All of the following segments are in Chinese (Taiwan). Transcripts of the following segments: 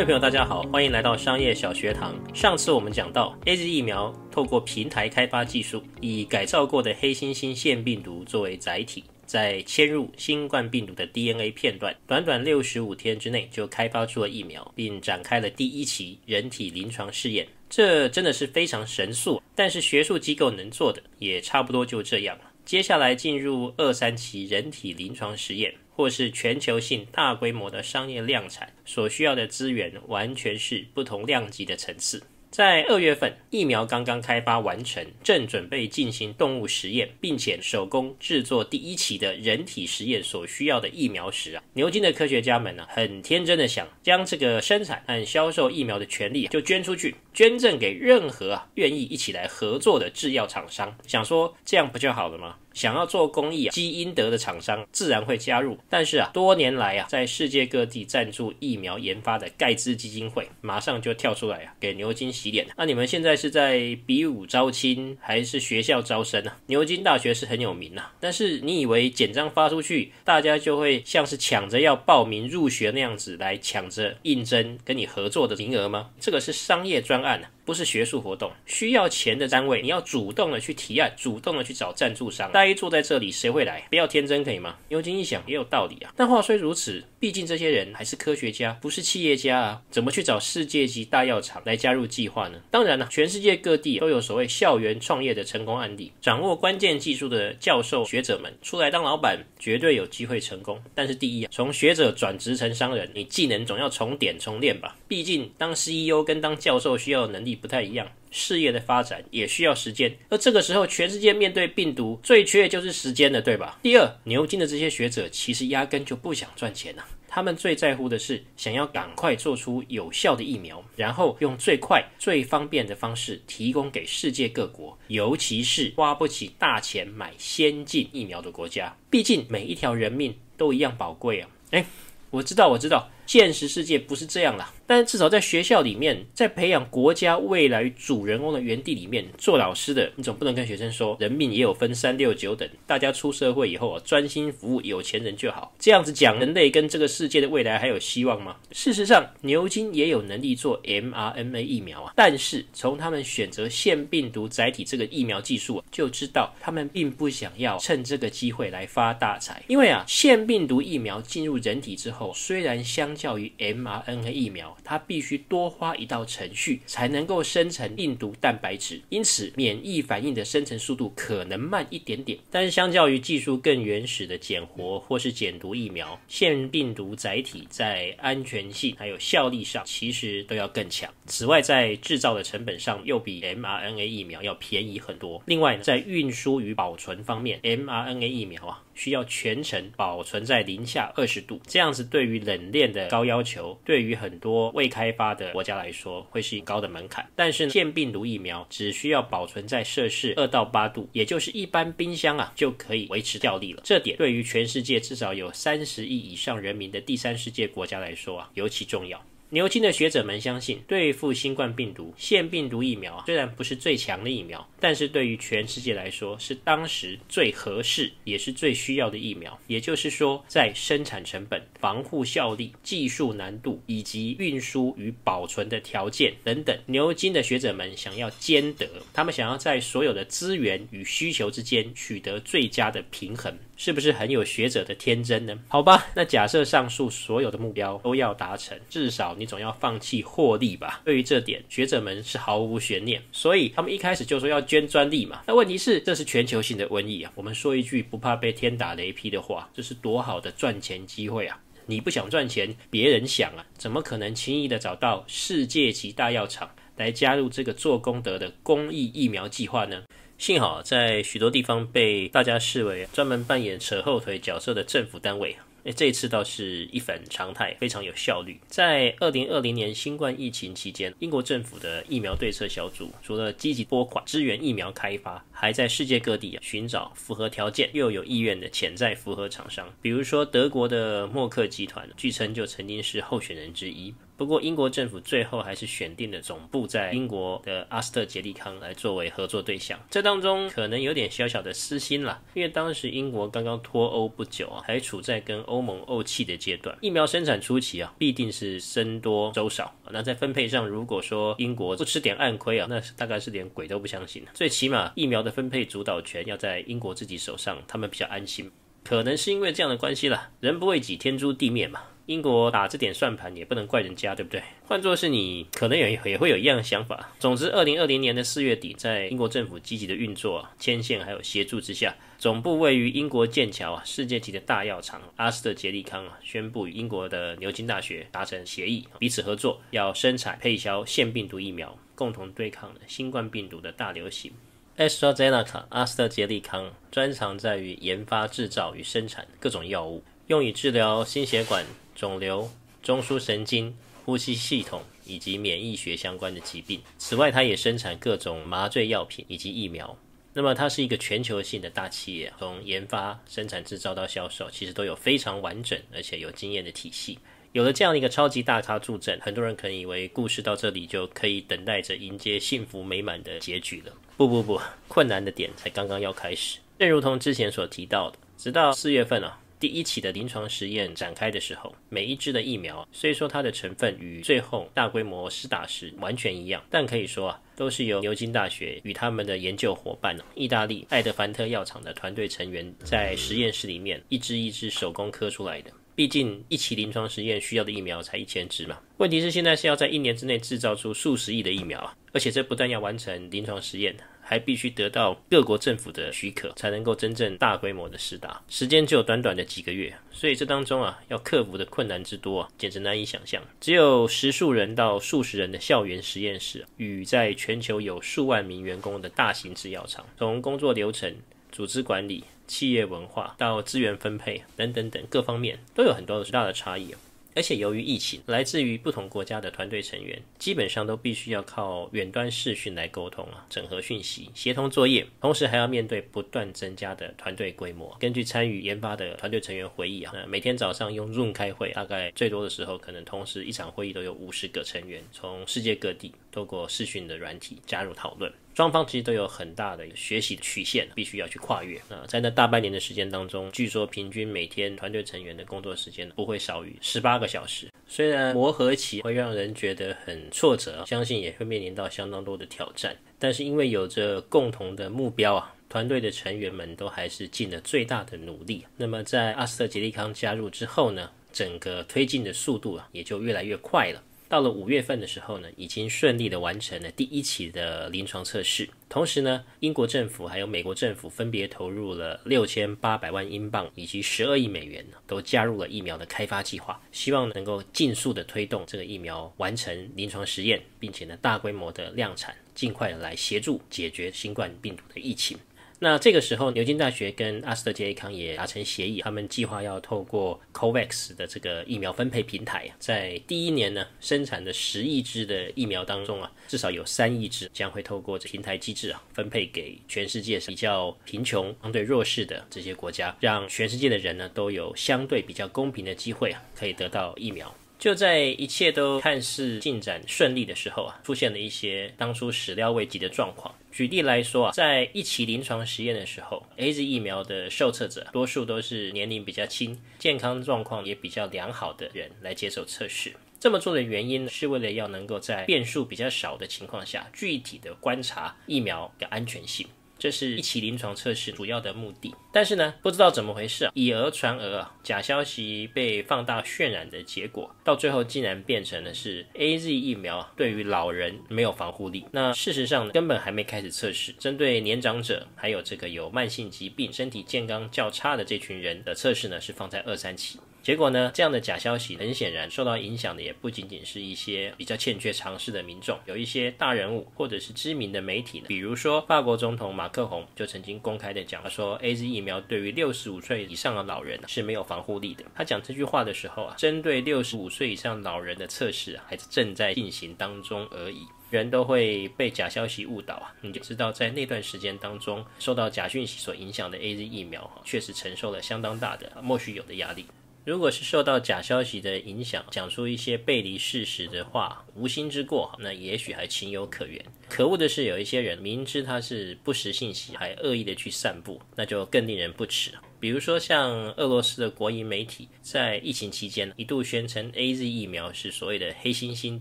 各位朋友，大家好，歡迎來到商業小學堂。上次我們講到，AZ 疫苗透過平台開發技術，以改造過的黑猩猩腺病毒作為載體，在嵌入新冠病毒的 DNA 片段，短短六十五天之內就開發出了疫苗，並展開了第一期人體臨床試驗。這真的是非常神速。但是學術機構能做的也差不多就這樣了。接下來進入二三期人體臨床試驗。或是全球性大規模的商業量產所需要的資源，完全是不同量級的層次。在二月份，疫苗剛剛開發完成，正準備進行動物實驗，並且手工製作第一期的人體實驗所需要的疫苗時啊，牛津的科學家們呢，很天真的想將這個生產和銷售疫苗的權利啊，就捐出去，捐贈給任何啊願意一起來合作的製藥廠商，想說這樣不就好了嗎？想要做公益啊，積陰德的廠商自然會加入。但是啊，多年來啊，在世界各地贊助疫苗研發的蓋茨基金會，馬上就跳出來啊，給牛津洗臉。那啊，你們現在是在比武招親，還是學校招生呢啊？牛津大學是很有名吶啊，但是你以為簡章發出去，大家就會像是搶着要報名入學那樣子來搶着應徵跟你合作的名額嗎？這個是商業專案啊。不是學術活動。需要錢的單位，你要主動的去提案，主動的去找贊助商。呆坐在這裡，誰會來？不要天真，可以嗎？牛津一想也有道理啊。但話雖如此，畢竟這些人還是科學家，不是企業家啊，怎麼去找世界級大藥廠來加入計劃呢？當然了啊，全世界各地都有所謂校園創業的成功案例。掌握關鍵技術的教授學者們出來當老闆，絕對有機會成功。但是第一啊，從學者轉職成商人，你技能總要重點重練吧？畢竟當 CEO 跟當教授需要能力。不太一樣，事業的發展也需要時間，而這個時候全世界面對病毒最缺的就是時間了，對吧？第二，牛津的這些學者其實壓根就不想賺錢了啊，他們最在乎的是想要趕快做出有效的疫苗，然後用最快、最方便的方式提供給世界各國，尤其是花不起大錢買先進疫苗的國家，畢竟每一條人命都一樣寶貴啊！誒，我知道，我知道。現實世界不是這樣啦，但是至少在學校裡面，在培養國家未來主人公的園地裡面，做老師的你總不能跟學生說，人命也有分三六九等，大家出社會以後啊，專心服務有錢人就好。這樣子講，人類跟這個世界的未來還有希望嗎？事實上，牛津也有能力做 mRNA 疫苗啊，但是從他們選擇腺病毒載體這個疫苗技術、啊、就知道，他們並不想要趁這個機會來發大財，因為啊，腺病毒疫苗進入人體之後，雖然相相較於 mRNA 疫苗，它必須多花一道程序才能夠生成病毒蛋白質，因此免疫反應的生成速度可能慢一點點。但是，相較於技術更原始的減活或是減毒疫苗，腺病毒載體在安全性還有效力上其實都要更強。此外，在製造的成本上又比 mRNA 疫苗要便宜很多。另外，在運輸與保存方面，mRNA 疫苗啊。需要全程保存在零下二十度，這樣子對於冷鏈的高要求，對於很多未開發的國家來說，會是高的門檻。但是呢，腺病毒疫苗只需要保存在攝氏二到八度，也就是一般冰箱啊，就可以維持效力了。這點對於全世界至少有三十億以上人民的第三世界國家來說啊，尤其重要。牛津的學者們相信，對付新冠病毒、腺病毒疫苗雖然不是最強的疫苗，但是對於全世界來說，是當時最合適也是最需要的疫苗。也就是說，在生產成本、防護效力、技術難度以及運輸與保存的條件等等，牛津的學者們想要兼得，他們想要在所有的資源與需求之間取得最佳的平衡。是不是很有學者的天真呢？好吧，那假設上述所有的目標都要達成，至少你總要放棄獲利吧。對於這點，學者們是毫無懸念，所以他們一開始就說要捐專利嘛。那問題是，這是全球性的瘟疫啊。我們說一句不怕被天打雷劈的話，這是多好的賺錢機會啊！你不想賺錢，別人想啊，怎麼可能輕易地找到世界級大藥廠來加入這個做功德的公益疫苗計劃呢？幸好，在許多地方被大家視為專門扮演扯後腿角色的政府單位，誒、欸，這一次倒是一反常態，非常有效率。在二零二零年新冠疫情期間，英國政府的疫苗對策小組除了積極撥款支援疫苗開發。還在世界各地啊尋找符合條件又有意願的潛在符合廠商，比如說德國的默克集團，據稱就曾經是候選人之一。不過英國政府最後還是選定了總部在英國的阿斯特捷利康來作為合作對象。這當中可能有點小小的私心啦，因為當時英國剛剛脫歐不久啊，還處在跟歐盟慪氣的階段。疫苗生產初期啊，必定是僧多粥少啊，那在分配上，如果說英國不吃點暗虧啊，那大概是連鬼都不相信。最起碼疫苗的。分配主導權要在英國自己手上，他們比較安心。可能是因為這樣的關係啦，人不為己，天誅地滅嘛。英國打這點算盤也不能怪人家，對不對？換作是你，可能也有也會有一樣的想法。總之，二零二零年的四月底，在英國政府積極的運作、牽線還有協助之下，總部位於英國劍橋啊，世界級的大藥廠阿斯特捷利康啊，宣布與英國的牛津大學達成協議，彼此合作，要生產配銷腺病毒疫苗，共同對抗新冠病毒的大流行。AstraZeneca 阿斯特捷利康專長在於研發、製造與生產各種藥物，用以治療心血管、腫瘤、中樞神經、呼吸系統以及免疫學相關的疾病。此外，它也生產各種麻醉藥品以及疫苗。那麼，它是一個全球性的大企業，從研發、生產、製造到銷售，其實都有非常完整而且有經驗的體系。有了這樣的一個超級大咖助陣，很多人可能以為故事到這裡就可以等待着迎接幸福美滿的結局了。不不不，困難的點才剛剛要開始。正如同之前所提到的，直到四月份啊，第一期的臨床實驗展開的時候，每一支的疫苗雖說它的成分與最後大規模施打時完全一樣，但可以說啊，都是由牛津大學與他們的研究夥伴、啊，意大利愛德凡特藥廠的團隊成員在實驗室裡面一支一支手工刻出來的。畢竟一期臨床實驗需要的疫苗才一千支嘛，問題是現在是要在一年之內製造出數十億的疫苗啊，而且這不但要完成臨床實驗，還必須得到各國政府的許可，才能夠真正大規模的施打，時間只有短短的幾個月，所以這當中啊，要克服的困難之多啊，簡直難以想象。只有十數人到數十人的校園實驗室，與在全球有數萬名員工的大型制藥廠，從工作流程、組織管理，企業文化到資源分配等等等各方面都有很多巨大的差異，而且由於疫情，來自於不同國家的團隊成員基本上都必須要靠遠端視訊來溝通啊，整合訊息、協同作業，同時還要面對不斷增加的團隊規模。根據參與研發的團隊成員回憶啊，每天早上用 Zoom 開會，大概最多的時候可能同時一場會議都有五十個成員，從世界各地。透過視訊的軟體加入討論，雙方其實都有很大的學習曲線，必須要去跨越啊。在那大半年的時間當中，據說平均每天團隊成員的工作時間不會少於十八個小時。雖然磨合期會讓人覺得很挫折，相信也會面臨到相當多的挑戰，但是因為有着共同的目標啊，團隊的成員們都還是盡了最大的努力。那麼在阿斯特捷利康加入之後呢，整個推進的速度啊也就越來越快了。到了五月份的時候呢，已經順利的完成了第一期的臨床測試。同時呢，英國政府還有美國政府分別投入了六千八百萬英鎊以及十二億美元，都加入了疫苗的開發計劃，希望能夠盡速的推動這個疫苗完成臨床實驗，並且呢，大規模的量產，盡快來協助解決新冠病毒的疫情。那這個時候，牛津大學跟阿斯特捷利康也達成協議，他們計劃要透過 COVAX 的這個疫苗分配平台，在第一年呢生產的十億支的疫苗當中啊，至少有三億支將會透過這平台機制啊，分配給全世界比較貧窮、相對弱勢的這些國家，讓全世界的人呢都有相對比較公平的機會啊，可以得到疫苗。就在一切都看似進展順利的時候啊，出現了一些當初始料未及的狀況。舉例來說啊，在一期臨床實驗的時候，AZ 疫苗的受測者多數都是年齡比較輕、健康狀況也比較良好的人來接受測試。這麼做的原因是為了要能夠在變數比較少的情況下，具體地觀察疫苗的安全性。這是一期臨床測試主要的目的，但是呢，不知道怎麼回事啊，以訛傳訛啊，假消息被放大渲染的結果，到最後竟然變成了是 AZ 疫苗對於老人沒有防護力。那事實上呢，根本還沒開始測試，針對年長者還有這個有慢性疾病、身體健康較差的這群人的測試呢，是放在二三期。結果呢？這樣的假消息很顯然，受到影響的也不僅僅是一些比較欠缺常識的民眾，有一些大人物或者是知名的媒體呢，比如說法國總統馬克宏就曾經公開的講，他說，AZ 疫苗對於六十五歲以上的老人是沒有防護力的。他講這句話的時候啊，針對六十五歲以上老人的測試，啊、還是正在進行當中而已。人都會被假消息誤導啊，你就知道在那段時間當中，受到假訊息所影響的 AZ 疫苗哈，啊，確實承受了相當大的莫須有的壓力。如果是受到假消息的影響，講出一些背離事實的話，無心之過，那也許還情有可原。可惡的是，有一些人明知他是不實信息，還惡意的去散布，那就更令人不齒了。比如說，像俄羅斯的國營媒體，在疫情期間一度宣稱 AZ 疫苗是所謂的黑猩猩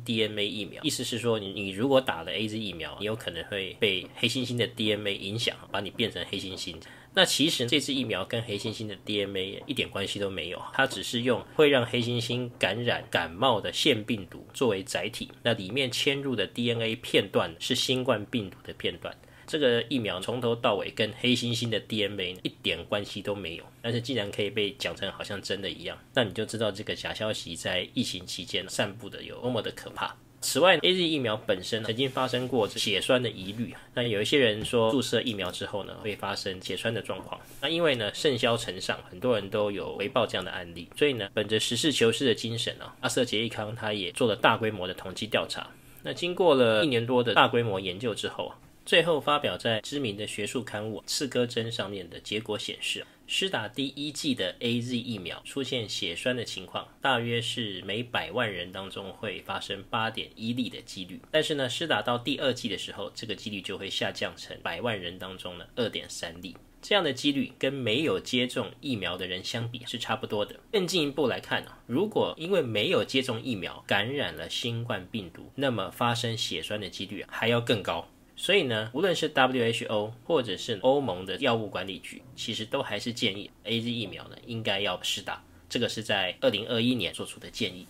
DNA 疫苗，意思是說你，你你如果打了 AZ 疫苗，你有可能會被黑猩猩的 DNA 影響，把你變成黑猩猩。那其實這次疫苗跟黑猩猩的 DNA 一點關係都沒有，它只是用會讓黑猩猩感染感冒的腺病毒作為載體，那裡面嵌入的 DNA 片段是新冠病毒的片段。這個疫苗從頭到尾跟黑猩猩的 DNA 一點關係都沒有。但是竟然可以被講成好像真的一樣，那你就知道這個假消息在疫情期間散布的有多麼的可怕。此外，AZ 疫苗本身曾經發生過血栓的疑慮。那有一些人說，注射疫苗之後呢，會發生血栓的狀況。那因為呢，甚囂塵上，很多人都有回報這樣的案例。所以呢，本着實事求是的精神啊，阿斯利康他也做了大規模的統計調查。那經過了一年多的大規模研究之後啊，最後發表在知名的學術刊物《刺胳針》上面的結果顯示，啊施打第一劑的 AZ 疫苗出現血栓的情況，大約是每百萬人當中會發生八點一例的幾率。但是呢，施打到第二劑的時候，這個幾率就會下降成百萬人當中的二點三例。這樣的幾率跟沒有接種疫苗的人相比是差不多的。更進一步來看呢，啊，如果因為沒有接種疫苗感染了新冠病毒，那麼發生血栓的幾率還要更高。所以呢，無論是 WHO 或者是歐盟的藥物管理局，其實都還是建議 AZ 疫苗呢，應該要施打。這個是在2021年做出的建議。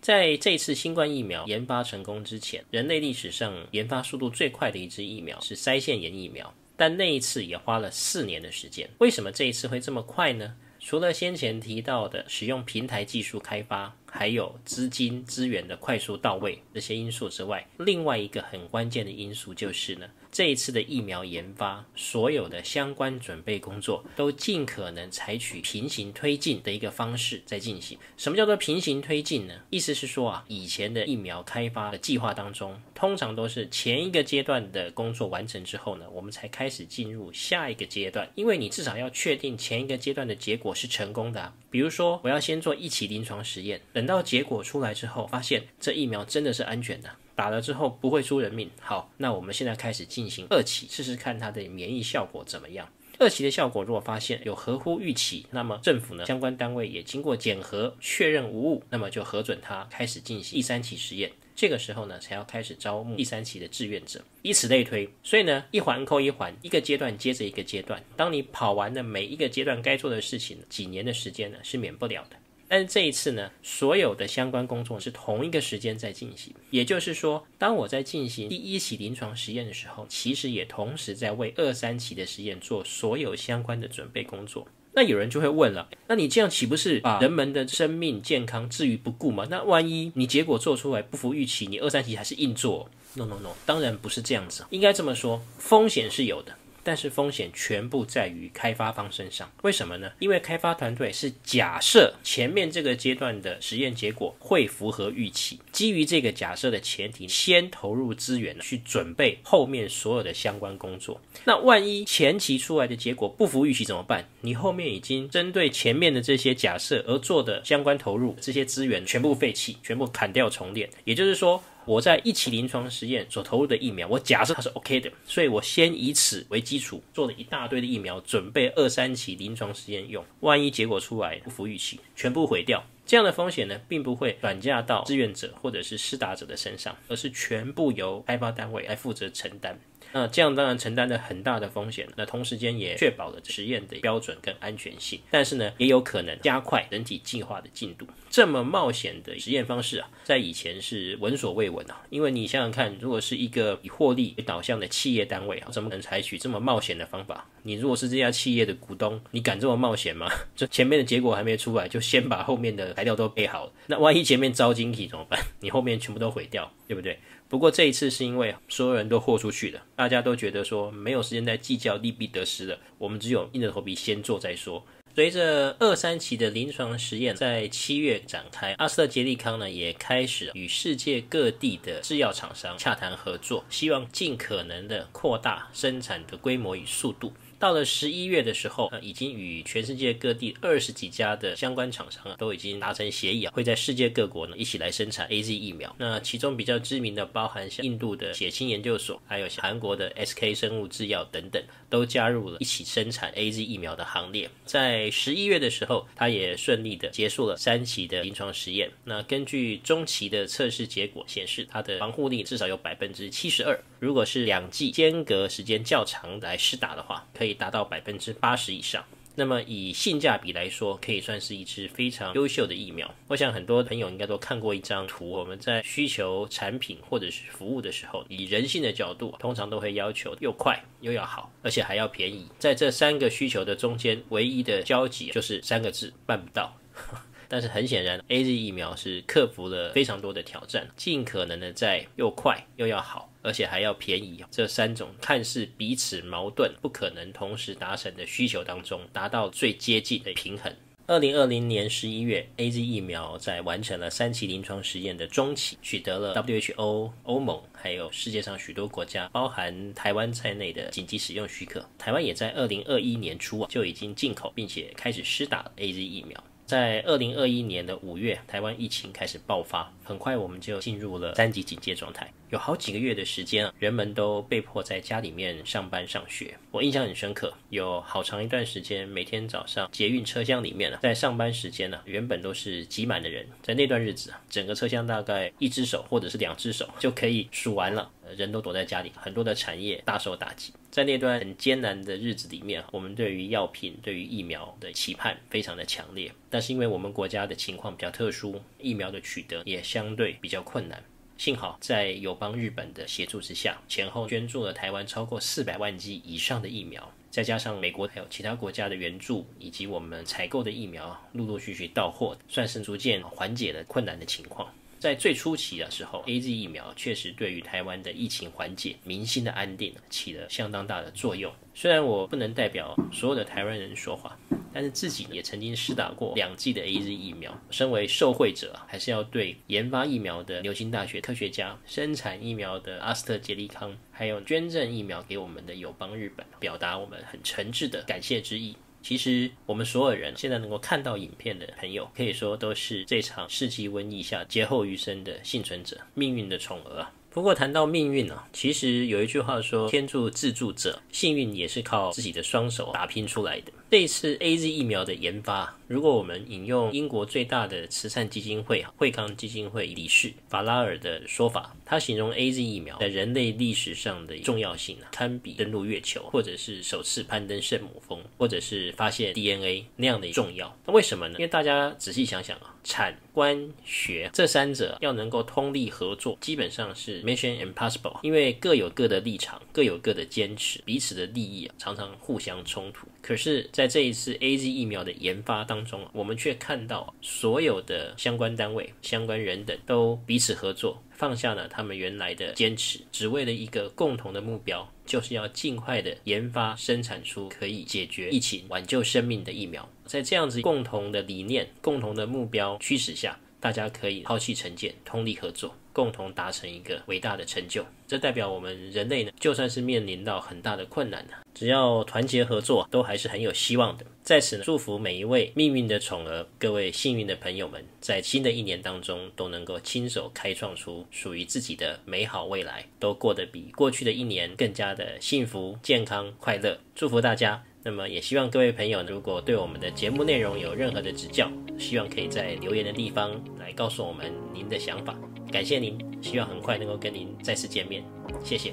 在這次新冠疫苗研發成功之前，人類歷史上研發速度最快的一支疫苗是腮腺炎疫苗，但那一次也花了四年的時間。為什麼這一次會這麼快呢？除了先前提到的使用平台技術開發，還有資金資源的快速到位這些因素之外，另外一個很關鍵的因素就是呢，這一次的疫苗研發，所有的相關準備工作都盡可能採取平行推進的一個方式在進行。什麼叫做平行推進呢？意思是說啊，以前的疫苗開發的計劃當中，通常都是前一個階段的工作完成之後呢，我們才開始進入下一個階段。因為你至少要確定前一個階段的結果是成功的啊。比如說，我要先做一期臨床實驗，等到結果出來之後，發現這疫苗真的是安全的啊。打了之後不會出人命。好，那我們現在開始進行二期，試試看它的免疫效果怎麼樣。二期的效果如果發現有合乎預期，那麼政府呢，相關單位也經過檢核，確認無誤，那麼就核准它開始進行第三期實驗。這個時候呢，才要開始招募第三期的志願者，以此類推。所以呢，一環扣一環，一個階段接着一個階段。當你跑完了每一個階段該做的事情，幾年的時間呢，是免不了的。但是這一次呢，所有的相關工作是同一個時間在進行，也就是說，當我在進行第一期臨床實驗的時候，其實也同時在為二三期的實驗做所有相關的準備工作。那有人就會問了，那你這樣豈不是把人們的生命健康置於不顧嗎？那萬一你結果做出來不符預期，你二三期還是硬做？No No No，當然不是這樣子，應該這麼說，風險是有的。但是風險全部在於開發方身上，為什麼呢？因為開發團隊是假設前面這個階段的實驗結果會符合預期，基於這個假設的前提，先投入資源去準備後面所有的相關工作。那萬一前期出來的結果不符預期怎麼辦？你後面已經針對前面的這些假設而做的相關投入，這些資源全部廢棄，全部砍掉重練。也就是說，我在一期臨床實驗所投入的疫苗，我假設它是 OK 的，所以我先以此為基礎做了一大堆的疫苗準備，二三期臨床實驗用。萬一結果出來不符預期，全部毀掉。這樣的風險呢，並不會轉嫁到志願者或者是施打者的身上，而是全部由開發單位來負責承擔。那這樣當然承擔了很大的風險，那同時間也確保了實驗的標準跟安全性，但是呢，也有可能加快人體計劃的進度。這麼冒險的實驗方式啊，在以前是聞所未聞啊，因為你想想看，如果是一個以獲利為導向的企業單位啊，怎麼可能採取這麼冒險的方法？你如果是這家企業的股東，你敢這麼冒險嗎？這前面的結果還沒出來，就先把後面的材料都備好了。那萬一前面招驚喜怎麼辦？你後面全部都毀掉，對不對？不過這一次是因為所有人都豁出去了。大家都覺得說沒有時間再計較利弊得失了，我們只有硬着頭皮先做再說。隨着二三期的臨床實驗在七月展開，阿斯特捷利康呢也開始與世界各地的製藥廠商洽談合作，希望盡可能的擴大生產的規模與速度。到了十一月的時候，呃，已經與全世界各地二十幾家的相關廠商啊，都已經達成協議啊，會在世界各國呢一起來生產 A Z 疫苗。那其中比較知名的，包含像印度的血清研究所，還有像韓國的 S K 生物制藥等等，都加入了一起生產 A Z 疫苗的行列。在十一月的時候，他也順利的結束了三期的臨床實驗。那根據中期的測試結果顯示，它的防護力至少有百分之七十二。如果是兩劑間隔時間較長來施打的話，可以。達到百分之八十以上，那麼以性價比來說，可以算是一支非常優秀的疫苗。我想很多朋友應該都看過一張圖，我們在需求產品或者是服務的時候，以人性的角度，通常都會要求又快又要好，而且還要便宜。在這三個需求的中間，唯一的交集就是三個字：辦不到。 但是很顯然，AZ 疫苗是克服了非常多的挑戰，盡可能的在又快又要好，而且還要便宜這三種看似彼此矛盾、不可能同時達成的需求當中，達到最接近的平衡。二零二零年十一月，AZ 疫苗在完成了三期臨床實驗的中期，取得了 W H O、歐盟還有世界上許多國家（包含台灣在內的）緊急使用許可。台灣也在二零二一年初啊就已經進口並且開始施打 AZ 疫苗。在二零二一年的五月，台灣疫情開始爆發，很快我們就進入了三級警戒狀態。有好幾個月的時間啊，人們都被迫在家裡面上班上學。我印象很深刻，有好長一段時間，每天早上捷運車廂裡面呢、啊，在上班時間呢、啊，原本都是擠滿的人，在那段日子啊，整個車廂大概一隻手或者是兩隻手就可以數完了。人都躲在家裡，很多的產業大受打擊。在那段很艱難的日子裡面，我們對於藥品、對於疫苗的期盼非常的強烈。但是因為我們國家的情況比較特殊，疫苗的取得也相對比較困難。幸好在友邦日本的協助之下，前後捐助了台灣超過四百萬劑以上的疫苗，再加上美國還有其他國家的援助，以及我們採購的疫苗陸陸續續到貨，算是逐漸緩解了困難的情況。在最初期的時候，AZ 疫苗確實對於台灣的疫情緩解、民心的安定起了相當大的作用。雖然我不能代表所有的台灣人說話，但是自己也曾經施打過兩劑的 AZ 疫苗。身為受惠者，還是要對研發疫苗的牛津大學科學家、生產疫苗的阿斯特捷利康，還有捐贈疫苗給我們的友邦日本，表達我們很誠摯的感謝之意。其實，我們所有人現在能夠看到影片的朋友，可以說都是這場世紀瘟疫下劫後餘生的幸存者，命運的寵兒啊。不過談到命運啊，其實有一句話說：“天助自助者，幸運也是靠自己的雙手打拼出來的。”這一次 AZ 疫苗的研發，如果我們引用英國最大的慈善基金會——惠康基金會理事法拉爾的說法，他形容 AZ 疫苗在人類歷史上的重要性啊，堪比登陸月球，或者是首次攀登聖母峰，或者是發現 DNA 那樣的重要。那為什麼呢？因為大家仔細想想啊。產、官、學這三者要能夠通力合作，基本上是 Mission Impossible，因為各有各的立場，各有各的堅持，彼此的利益、啊、常常互相衝突。可是，在這一次 AZ 疫苗的研發當中，我們卻看到、啊、所有的相關單位、相關人等都彼此合作，放下了他們原來的堅持，只為了一個共同的目標，就是要儘快地研發生產出可以解決疫情、挽救生命的疫苗。在這樣子共同的理念、共同的目標驅使下，大家可以拋棄成見，通力合作，共同達成一個偉大的成就。這代表我們人類呢，就算是面臨到很大的困難，只要團結合作，都還是很有希望的。在此呢，祝福每一位命運的寵兒，各位幸運的朋友們，在新的一年當中，都能夠親手開創出屬於自己的美好未來，都過得比過去的一年更加的幸福、健康、快樂。祝福大家！那麼也希望各位朋友，如果對我們的節目內容有任何的指教，希望可以在留言的地方來告訴我們您的想法。感謝您，希望很快能夠跟您再次見面。謝謝。